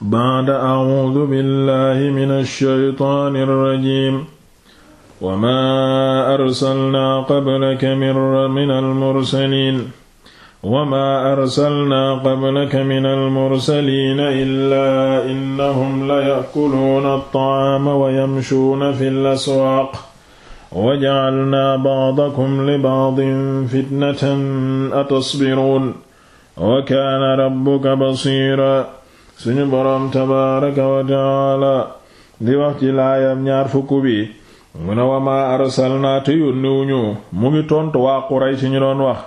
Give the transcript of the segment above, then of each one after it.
baada acuudu billahi min alshaytaani alrajim wama arsalnaa qablaka min almursaliin wama arsalnaa qablaka min almursaliina illaa innahum layakuluuna alطacaama wayamshuuna fi laswaaq wajacalnaa bacdakum libacdin fitnatan atasbiruun wa kaana rabbuka basiira suñu boroom tabaaraka wa taala di wax ci laayam ñaar fukk bi mu ne wa arsalnaa te yónniwuñu mu ngi tontu waa Quraysh ñu doon wax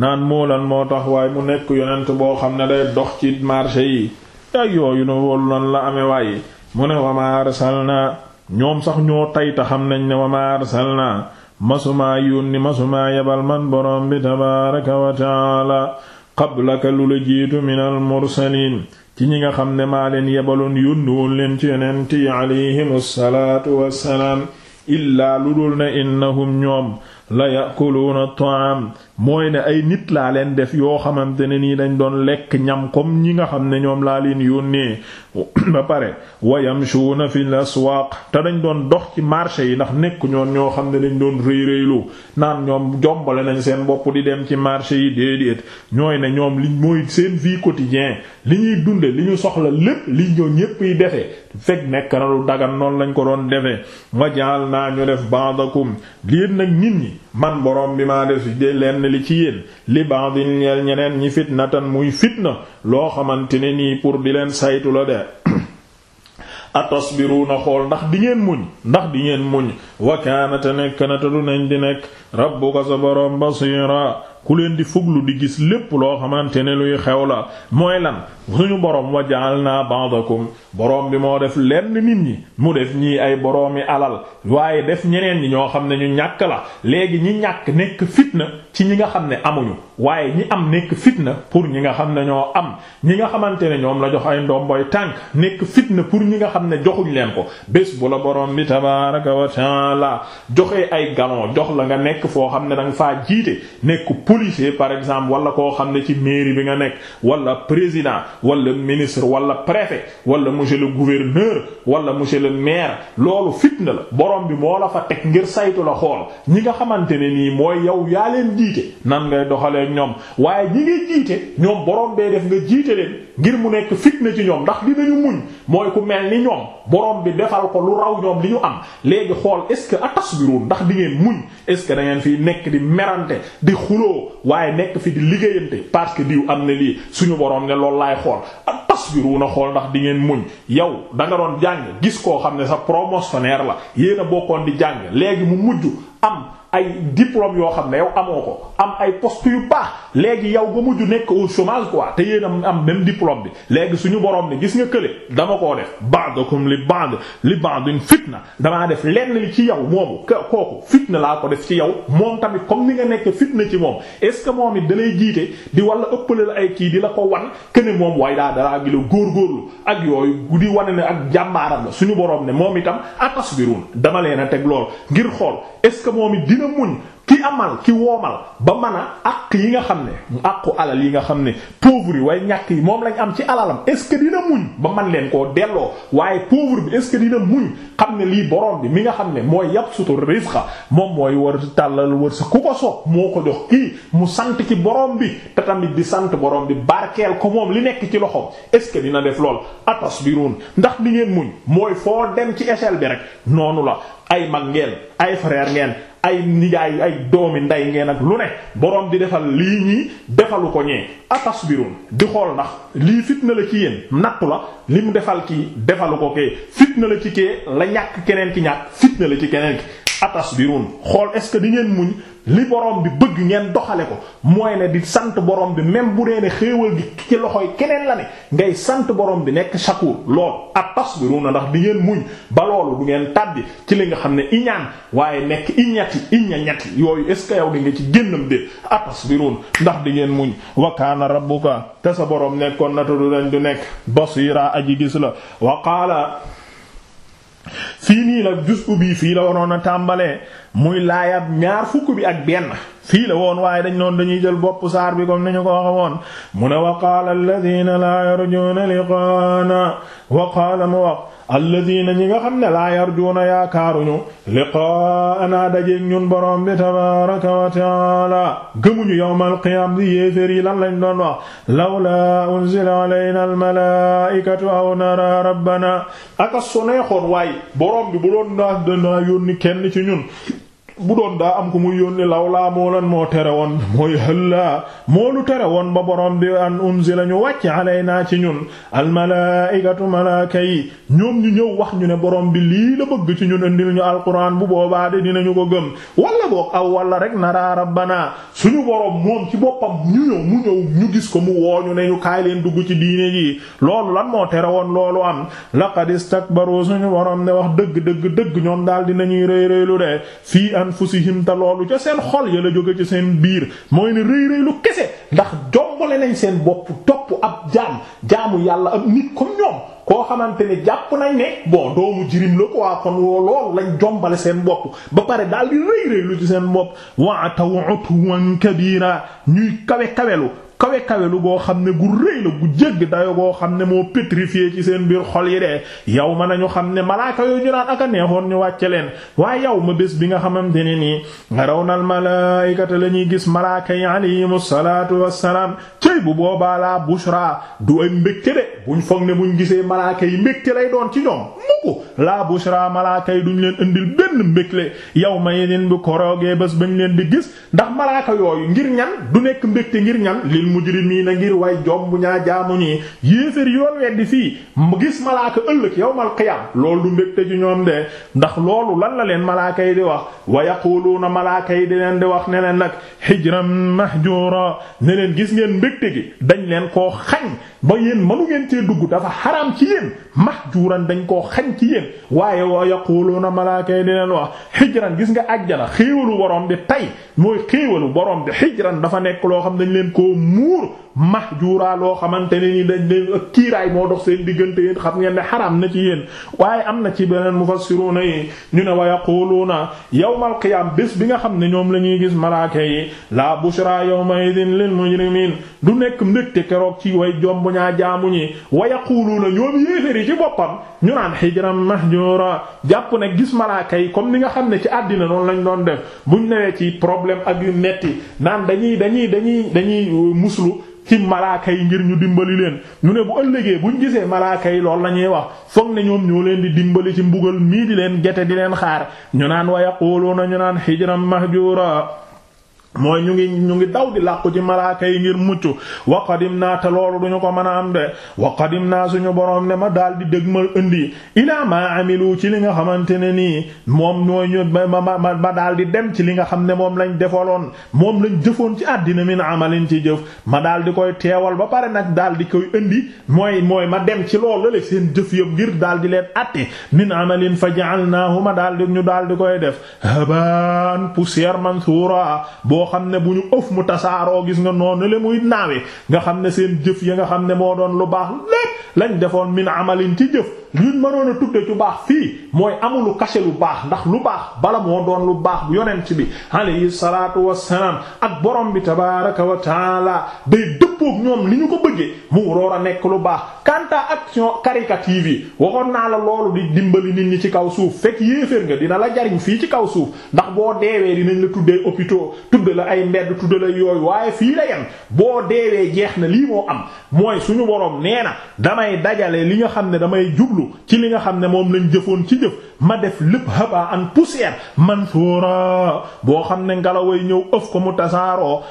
naan moo lan moo tax waaye mu nekk yonent boo xam ne day dox ci marché yi ay yooyu nu woolu lan la ame waaye mu ne wa arsalnaa ñoom sax ñoo tayta xam nañ ne wa maa arsalnaa masumaa yónni masumaa yebal man boroom bi tabaaraka wa taala qablaka lu la jiitu minal mursaliin ci ñi nga xam ne maa leen yebaloon yónni woon leen ci yonent yi alayhim salaatu wassalaam illaa lu dul ne innahum ñoom la yakuluuna ta'am mooy ne ay nit laa leen def yoo xamante ne nii dañ doon lekk ñam comme ñi nga xam ne ñoom laa leen yónnee ba pare na wayamshuuna la aswaaq te dañ doon dox ci marché yi ndax nekk ñoon xam ne dañ doon rëy naan ñoom jombale nañ seen bopp di dem ci marché yi déedéet ñooy ne ñoom li mooy seen vie quotidien li ñuy dunde li ñu soxla lépp li ñoo ñépp yi defee fekk nekk na lu dagan noonu lañ ko doon defee wajaal naa ñu def ba'dakum lii nag nit ñi man borom bi maa def leen li ci yéen li bandin ñeel ñeneen ñi fitnatan muy fitna loo xamante ne nii pour di leen saytu la de atasbiruna xool ndax di ngeen muñ ndax di ngeen muñ wakaanate nekk na te du nañ di nekk rabbuka sa borom basira ku leen di fuglu di gis lépp loo xamante ne luy xew la mooy lan suñu boroom wa ja'alna ba'dakum boroom bi moo def lenn nit ñi mu def ñii ay boroomi alal waaye def ñeneen ñi ñoo xam ne ñu ñàkk la léegi ñi ñàkk nekk fitna ci ñi nga xam ne amuñu waaye ñi am nekk fitna pour ñi nga xam ne ñoo am ñi nga xamante ne ñoom la jox ay ndomboy tànk nekk fitna pour ñi nga xam ne joxuñ leen ko bés bu la borom bi tabaaraka wa taala joxe ay galon jox la nga nekk foo xam ne danga faa jiite nekk policier par exemple wala koo xam ne ci mairie bi nga nekk wala président wala ministre wala préfet wala monsieur le gouverneur wala monsieur le maire loolu fitna la borom bi moo la fa teg ngir saytu la xool ñi nga ak ñoom waaye ñi ngay jiite ñoom borom bee def nga jiite leen ngir mu nekk fitna ci ñoom ndax dinañu muñ mooy ku mel ni ñoom borom bi defal ko lu raw ñoom li ñu am léegi xool est-ce que atasbiruun ndax di ngeen muñ est-ce fi nekk di merante di xuloo waaye nekk fi di liggéeyante parce que diw am na lii suñu borom ne loolu laay xool tasbiruuna xool ndax di ngeen muñ yow da nga doon jàng gis koo xam ne sa promotionnaire la yéen a bokkoon di jàng léegi mu mujj am ay diplôme yoo xam ne yow amoo ko am ay post yu baax léegi yow ba mujj nekk au chômage quoi te yéen a am même diplôme bi léegi suñu borom ne gis nga kële dama koo def ba'dakum li ba'd li ba'din fitna damaa def lenn li ci yow moomu kooku fitna laa ko def ci yow moom tamit comme ni nga nekk fitna ci moom est ce que moom it dalay jiite di wala kii di la gi góor góorgóorlu ak yooyu guddi wane ne ak jàmbaaram la suñu boroom ne moom itam atasbirun dama leen a teg lool ngir xool est ce que moom it dina muñ ki amal ki woomal ba mën a àq yi nga xam ne àqu alal yi nga xam ne pauvre yi way ñàkk yi moom lañ am ci alalam est ce que dina muñ ba man leen koo delloo waaye pauvre bi est dina muñ xam ne lii borom bi mi nga xam ne mooy yabsutu rizqa moom mooy war tàllal wër sa ku ko soob moo ko jox kii mu sant ci borom bi te tamit di sant borom bi barkeel ko moom li nekk ci loxo est ce que dina def lool atasbirun ndax di ngeen muñ mooy foo dem ci échelle bi rek noonu la ay mag ngeen ay frère ngeen ay nijaay ay doomi ndey ngeen ak lu ne boroom di defal lii ñii defalu ko ñee atasbirun di xool ndax lii fitna la ci yéen nattu la li mu defal kii defalu ko kee fitna la ci kee la ñàkk keneen ki ñàkk fitna la ci keneen ki atasbirun xool est ce que di ngeen muñ li borom bi bëgg ngeen doxale ko mooy ne di sant borom bi même bu dee ne xéewal gi ci loxoy keneen la ne ngay sant boroom bi nekk shakur lool atasbiruna ndax di ngeen muñ ba loolu du ngeen tàbbi ci li nga xam ne iñaan waaye nekk iñati iña ñati yooyu est ce que yow di nga ci génnam de atasbirun ndax di ngeen muñ wa kana rabbuka te sa borom nekkoon nata du dañ du nekk basira aji gis la wa qala fii nii la jusu bii fii la waroon a tàmbalee muy laayab ñaar fukk bi ak benn fii la woon waaye dañ noon dañuy jël bopp saar bi comme ni ko waxe woon mu ne wa qaala alladina laa yarjuuna liqaana wa qaala mu wax alladina ñi nga xam ne laa yarjuuna yaakaaruñu liqaana dajeek ñun borom bi tabaraka wa taala gëmuñu yawmal qiyaam di yéeféer yi lan lañ doon wax lawla unzila alayna almalaikatu aw nara rabbana ak a soneexoon waaye borom bi bu doon daa danaa yónni kenn ci ñun bu doon daa am ku muy yónni laa moo lan moo tere woon mooy hëllaa moo lu tere woon ba borom bi an unzila ñu wàcc alaynaa ci ñun almalaaikatu malaaka yi ñoom ñu ñëw wax ñu ne borom bi lii la bëgg ci ñun indil ñu alquran bu boobaa de dinañu ko gëm wala boog aw walla rek naraa rabbanaa suñu borom moom ci boppam ñu ñëw mu ñëw ñu gis ko mu wooñu ne ñu kaay leen dugg ci diine ji loolu lan moo tere woon loolu am laqad istakbaru suñu borom ne wax dëgg dëgg dëgg ñoom daal dinañuy rëy si anfusihim te loolu ca seen xol ya la jóge ci seen biir mooy ne rëy rëy lu kese ndax jombale lañ seen bopp topp ab jaam jaamu yàlla ab nit comme ñoom koo xamante ne jàpp nañ ne bon doomu jirim la quoi kon loolu lañ jombale seen bopp ba pare daal di rëy rëy lu ci seen bopp wa ataw utwan kabira ñuy kawe kawelu kawe lu goo xam ne gu rëy la gu jégg dayo goo xam ne moo pétrifié ci seen biir xol yi de yow ma na nañu xam ne malaaka yooyu ñu naan aka neexoon ñu wàcce leen waaye yow ma bés bi nga xamante ne nii raw nal malaayikata la ñuy gis malaaka yi alayhimu salaatu wassalaam cëy bu boobaa laa bushra du ay mbégte de buñ foog ne bu buñ gisee malaaka yi mbégte lay doon ci ñoom mukk laa bushra malaaka yi duñ leen indil benn mbégte yow ma yeneen bu koroogee bés leen di gis ndax malaaka yooyu ngir ñan nekk mbégte ngir ñan lil mujrimiina ngir way jom bu ñaa jaamu ñi yéefér yoon weddi fii gis malaaka ëllëg yawmal qiyaam loolu du mbégte ci ñoom de ndax loolu lan la leen malaaka yi di wax wa yaquluuna malaaka yi di leen di wax ne leen nag hijran mahjura ne leen gis ngeen mbégte gi dañ leen koo xañ ba yéen mënu ngeen cee dugg dafa xaraam ci yéen mahjuran dañ koo xañ ci yéen waaye wa yaquluuna malaaka yi di leen wax mooy xéewalu boroom bi hijran dafa nekk loo xam dañ leen koo muur mahjura loo xamante ne ni dañ leen ak kiiraay moo dox seen diggante yéen xam ngeen ne xaraam na ci yéen waaye am na ci beneen mufassiruna yi ñu ne wa yaquluuna yawmal qiyaam bés bi nga xam ne ñoom la ñuy gis malaaka yi la bushra yawma idin lil mujrimiin du nekk mbégte keroog ci way jomb ñaa jaamu ñi wa yaquluuna ñoom yéeféri ci boppam ñu naan hijran mahjura jàpp ne gis malaaka yi comme ni nga xam ne ci àddina noonu lañ doon def buñ newee ci problème ak yu muslu ci malaaka yi ngir ñu dimbali leen ñu ne bu ëllëgee buñ gisee malaaka yi loolu la wax foog ne ñoom ñoo leen di dimbali ci mbugal mii di leen gete di leen xaar ñu naan wa yaquluuna ñu naan hijran mahjura mooy ñu ngi ñu ngi daw di làqu ci malaaka yi ngir mucc wa qadimnaa te loolu duñu ko man a am de wa qadimnaa suñu boroom ne ma daal di ma indi ilaa maa amilu ci li nga xamante ne nii moom mooy ñu ma ma ma daal di dem ci li nga xam ne moom lañ defaloon moom lañ jëfoon ci àddina min amalin ci jëf ma daal di koy teewal ba pare nag daal di koy indi mooy mooy ma dem ci loolu la seen jëf yëpp ngir daal di leen atte min amalin fa ja'alnaahu ma daal di ñu daal di koy def boo xam ne bu ñu ëf mu tasaaroo gis nga noonu le muy naawe nga xam ne seen jëf ya nga xam ne moo doon lu baax lépp lañ defoon min amalin ci jëf liñ mënoon a tudde ci baax fii mooy amulu kase lu baax ndax lu baax bala moo doon lu baax bu yonent bi alayhi salaatu wassalaam ak borom bi tabaaraka wa taala dëppook ñoom li ñu ko bëggee mu roor a nekk lu baax kanta action caritative yi waxoon naa la loolu di dimbali nit ñi ci kaw suuf fekk yéeféer nga dina la jariñ fii ci kaw suuf ndax boo deewee dinañ la tuddee hôpitaux tudde la ay mbedd tudde yooyu waaye fii la yem boo deewee jeex na lii moo am mooy suñu boroom nee na damay dajale li nga xam ne damay jublu ci li nga xam ne moom lañ jëfoon ci jëf ma def lépp haba an man mansuura boo xam ne ngalaway ñëw ëf ko mu tasaaroo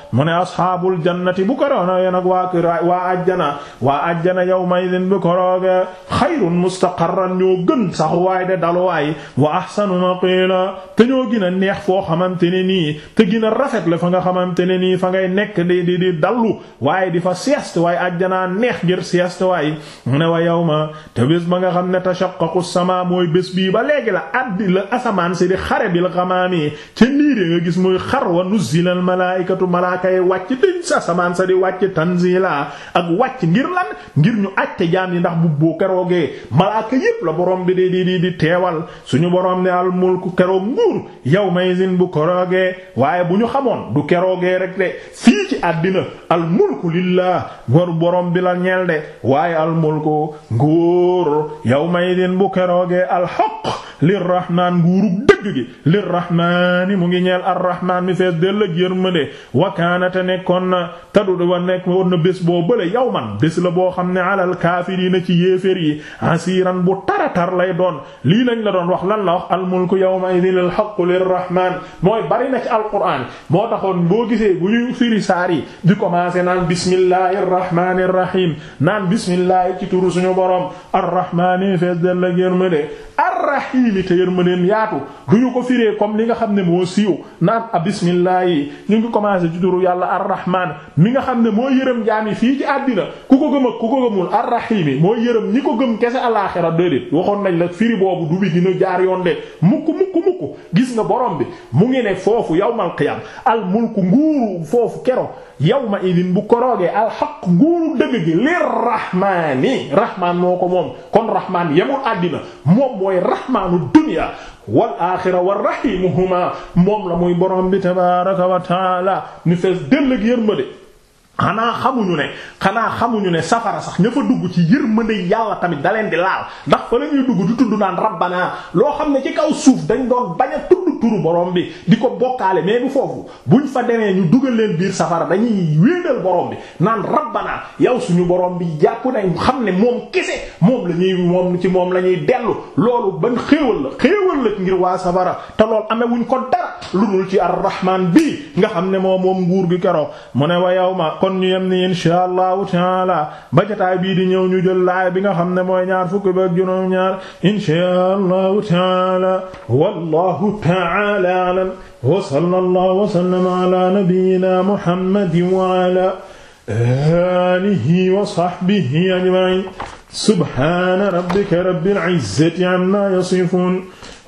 nag waa kër waa ajjana waa ajjana yawma idin bi korooge xayrun mustaqarran ñoo gën sax waay de daluwaay wa ahsanu maqila te ñoo gën a neex foo xamante ne nii te gën a rafet la fa nga xamante ne ni fa ngay nekk di di di dallu waaye di fa sieste waaye ajjanaa neex ngir sieste waaye ne wa yawma te bés ba nga xam ne tashaqqaqu sama mooy bés bii ba léegi la addi la asamaan si di xare bil xamaami ca niir nga gis muy xar wa nuzzila al malaa'ikatu malaaka yi wàcc dañ sa asamaan sa di wàcc manzila ak wàcc ngir lan ngir ñu àtte jaam yi ndax bu boo keroogee malaaka yépp la borom bi di di di di teewal suñu borom ne al mulku keroog nguur yow may sin bu keroogee waaye bu ñu xamoon du keroogee rek de fii ci àddina al mulku lillah borom bi la ñeel de waaye al mulku nguur yow ma sin bu keroogee al lirrahmaan nguurug dëgg gi lirrahmaani mu ngi ñeel arrahmaan mi fees dell ak yërmande wakaanate nekkoon na ta tadu wa nekk woon na bés boo bële yawman bés la boo xam ne alal kaafiriina ci yéeféer yi asiiran bu taratar lay doon lii lañ la doon wax lan la wax almulku yawma idin al haqqu lirrahmaan mooy bari na ci alquraan moo taxoon boo gisee bu ñuy firi saar yi di commencer naan bismillaahir rahmaanir rahiim naan bismillaahi ci turu suñu boroom arrahmaani fees dell warraxiimi te yërmandeem yaatu du ñu ko firee comme li nga xam ne moo siiw naan a ah, bismillah ñu ngi commencé ci turu yàlla arrahman mi nga xam ne moo yërëm jaam yi fii ci àddina ku ko gëm ak ku ko gëmul arrahiimi moo yërëm ñi ko gëm kese alaaxira déedéet waxoon nañ la firi boobu du bi dina jaar yoon de mukk mukk mukk gis nga boroom bi mu ngi ne foofu yawmal qiyaam al mulku nguuru foofu kero yawma idin bu koroogee alxaq nguuru dëgg gi lir rahmaani rahmaan moo ko moom kon rahmaan yemul àddina moom mooy rahmaanu dunya wal axira wa rahimuhuma moom la muy borom bi tabaaraka wa taala ñu fees dell ak yërmande xanaa xamuñu ne xanaa xamuñu ne safara sax ña fa dugg ci yërmande yàlla tamit da leen di laal ndax fa la ñuy dugg di tudd naan rabbana loo xam ne ci kaw suuf dañ doon bañ a tudd turu borom bi di ko bokkaale mais bu foofu bu buñ fa demee ñu dugal leen biir safara dañuy wéedal borom bi naan rabbana yow suñu borom bi jàpp nañ xam ne moom kese moom la ñuy ci moom la ñuy dellu loolu ba xéewal la xéewal la ngir waa safara te loolu amee wuñ ko dara lu dul ci ar-rahman bi nga xam ne moom moom nguur gi keroog mu ne wa yawma kon ñu yem ni insha allahu taala ba jotaay bii di ñëw ñu jël laay bi nga xam ne mooy ñaar fukki ba juróom ñaar insha allahu taala wallahu taala alam wa sallallahu wa sallama ala nabiyyina muhammadin wa ala alihi wa sahbihi ajma'in subhana rabbika rabbil izzati amma yasifun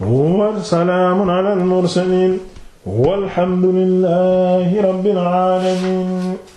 wa salamun ala al mursalin walhamdulillahi rabbil alamin